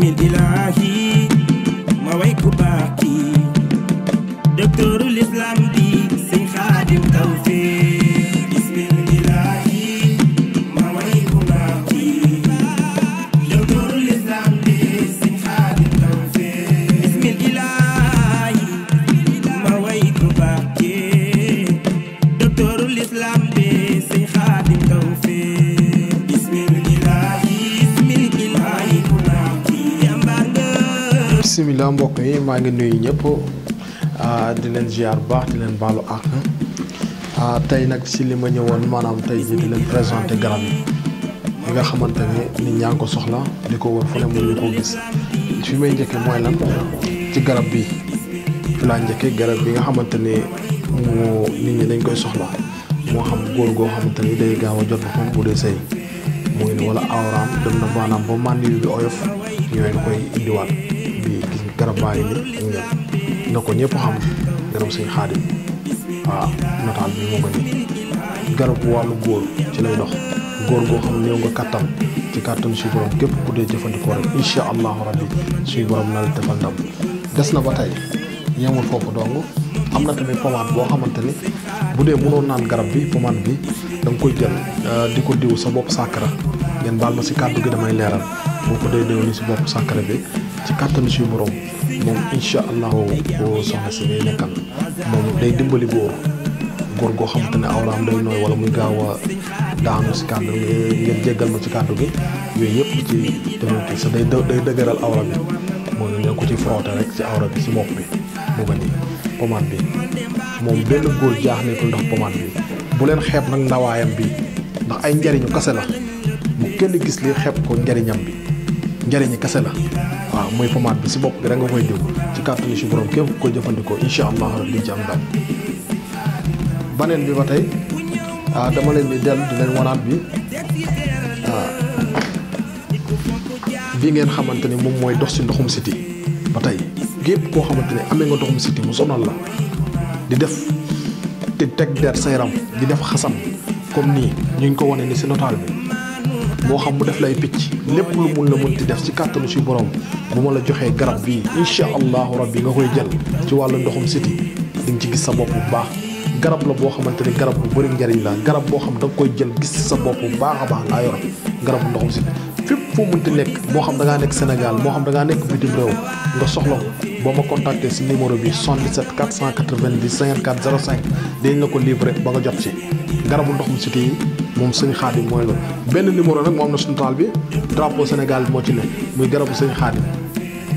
باسم الإلهي bismillah mbok yi ma ngi nuyu ñëpp ah, di len ziar baax di len balu ak ah, tay nak ci li ma ñewon manam tay ji di len présenter yi nga xamantene ni nit ko soxla di wor fune mu ne ñu ko gis fi may njëkke moy lan ci garab bi fi la njëkke garab bi nga xamantene ni mu nit ñi dañ koy soxla mo xam goor go xamantene day gaaw jot ko bu de sey moy wala awram dem na maanaam ba màndiyu bi oyof ñooy koy wat garab baa ni eh, nako ñepp xam garab sëñ xaadim wa ah, nataal bi moo ko nii garab walu góor ci lay dox góor go xam néew nga katam ci kàttan ci borom kep ku dee jëfandikoo rek insha allah rabbi ci borom na la defal ndam des na ba tey yemul foofu dong amna na tamit pomade bo xamanteni ni bu dee naan garab bi pomade bi dang koy jël eh, diko diw sa bop sakara ngeen baal ma si kàddu gi damay leral boo ko dee diw ni si bi ci carton suñu borom moom incha allahu soxna ci nekkal mom day dimbali góor gor go xamantene ne awraam day noy wala muy gawa daanu ci kaddu ngeen jéggal ma ci kaddu bi yoy yëpp ci ci sa day day dëgëral awra bi mo ñu ko ci frota rek ci awra bi ci bopp bi mo nga nii pomade bi moom benn ne ko ndax pomade bi bu len xeeb nak ndawayam bi ndax ay njariñu kase la bu kenn gis li xeeb ko njariñam bi njariñ kese la wa moy format bi ci bopp bi rek nga koy djog ci carte kàttanu ci borom képp ko jëfandikoo inshallah rabbi ci am daal bi batay ah dama len di del di leen wanaat bi ah, bi ngeen xamanteni mom moy dox ci ndoxum city batay gep ko xamanteni amé nga ndoxum city mu sonal la di def di tek der sayram di def xassam comme ni ñu ngi ko woné ni ci notable bi moo xam mu def lay picc lépp lu mun la mënti def ci kàttanu si borom bu ma la joxee garab bii incha allahu rabbi nga koy jël ci wàllu ndoxum siti di nga ci gis sa bopp bu baax garab la boo xamante ni garab bu bëri njariñ la garab boo xam da nga koy jël gis sa bopp bu baax a baax laa yor garabu ndoxum siti fépp foo mënti nekk moo xam da ngaa nekk Sénégal moo xam da ngaa nekk bitim réew nga soxla ko boo ma contacter si numéro bi 77 490 54 05 dañ la ko livré ba nga jot ci garabu ndox mu cité yi moom sëñ Xaadim mooy loolu. benn numéro nag moo am na suñu taal bi drapeau Sénégal bi moo ci ne muy garabu sëñ Xaadim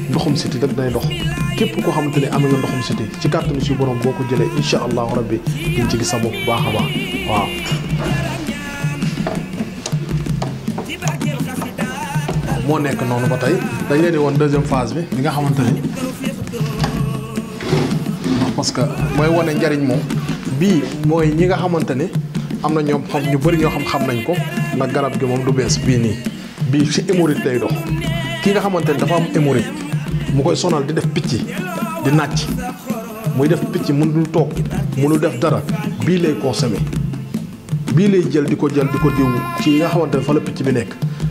ndoxum cité rek day dox képp koo xamante ni am nga ndoxum cité ci kàttanu si borom boo ko jëlee incha allahu rabbi diñ ci gis sa bu baax a baax waaw. moo nekk noonu ba tey dañ leen di woon deuxième phase bi di nga xamante ni parce que mooy wane njariñ moom bii mooy ñi nga xamante ni am na ñoom xam ñu bëri ñoo xam xam nañ ko ndax garab gi moom du bees bii nii bii ci hémorroïde lay dox ki nga xamante ni dafa am hémorroïde mu koy sonal di def picc di nàcc muy def picc mënul toog mënul def dara bii lay consommer bii lay jël di ko jël di ko diw ci yi nga xamante ne fa la picc bi nekk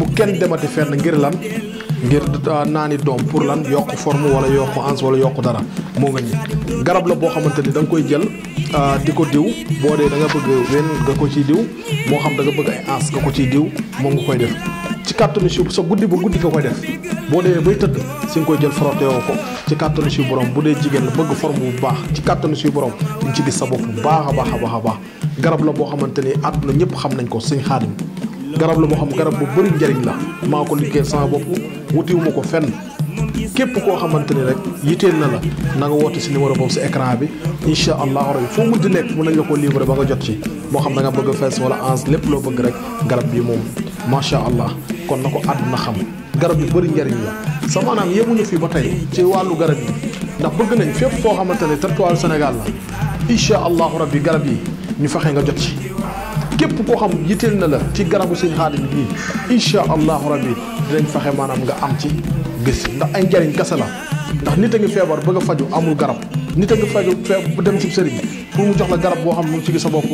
bu kenn demati fenn ngir lan ngir ah, naani dom pour lan yok forme wala yok ans wala yok dara mo nga ni garab la bo xamanteni ni koy jël ah, diko diw bo de da nga bëgg wen nga ko ci diw mo xam da nga bëgg ay ans nga ko ci diw mo nga koy def ci carton si sa guddi bu guddi nga koy def bo de bay teud si koy jël frotté ko ci carton si borom bu de jigen la bëgg forme bu baax ci carton borom ci gis sa bop bu baax baax garab la bo xamanteni ni àdduna xam nañ ko seigne khadim garab la moo xam garab bu bëri njariñ la maa ko liggéey sama bopp wutiwuma ko fenn képp koo xamante ni rek yitteel na la na nga woote si numéro boobu si écran bi incha allahu rabi foo mujj nekk mën nañ la ko livrer ba nga jot ci moo xam da nga bëgg fees wala ans lépp loo bëgg rek garab bi moom macha allah kon na ko àdduna xam garab yu bëri njariñ la sa maanaam yemuñu fii ba tey ci wàllu garab yi ndax bëgg nañ fépp koo xamante ne territoire Sénégal la incha allahu rabi garab yi ñu fexe nga jot ci képp koo xam yitteel na la ci garabu seen xaadim bi incha allahu rabbi dinañ fexe maanaam nga am ci gis ndax ay njariñ kese la ndax nit a ngi feebar bëgg a faju amul garab nit a ngi faju feeb dem ci sëriñ pour mu jox la garab boo xam mu ngi ci gis sa bopp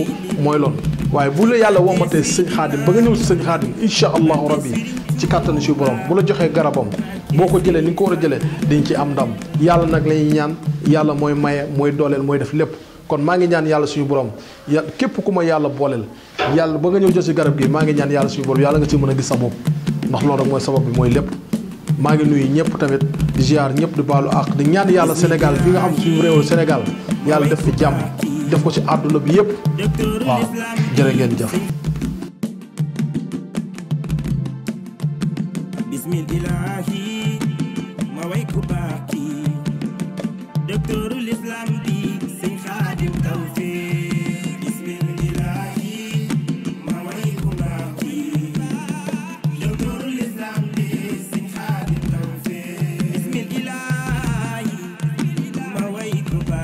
mooy lon waaye bu la yàlla womatee sëñ xaadim ba nga ñëw si sëñ xaadim incha allahu rabbi ci kàttan si borom bu la joxee garabam boo ko jëlee ni nga ko war a jëlee dañ ci am ndam yàlla nag lañuy ñaan yàlla mooy maye mooy dooleel mooy def lépp kon maa ngi ñaan yàlla suñu borom ya képp ku ma yàlla booleel yàlla ba nga ñëw jot si garab gi maa ngi ñaan yàlla suñu borom yàlla nga ci mën a gis sa ndax loolu rek mooy sabab bi mooy lépp maa ngi nuyu ñëpp tamit di ziar ñëpp di baalu àq di ñaan yàlla Sénégal bi nga xam suñu réewul senegal yàlla def fi jàmm def ko ci àdduna bi yëpp waa jërë ngeen jëf goodbye.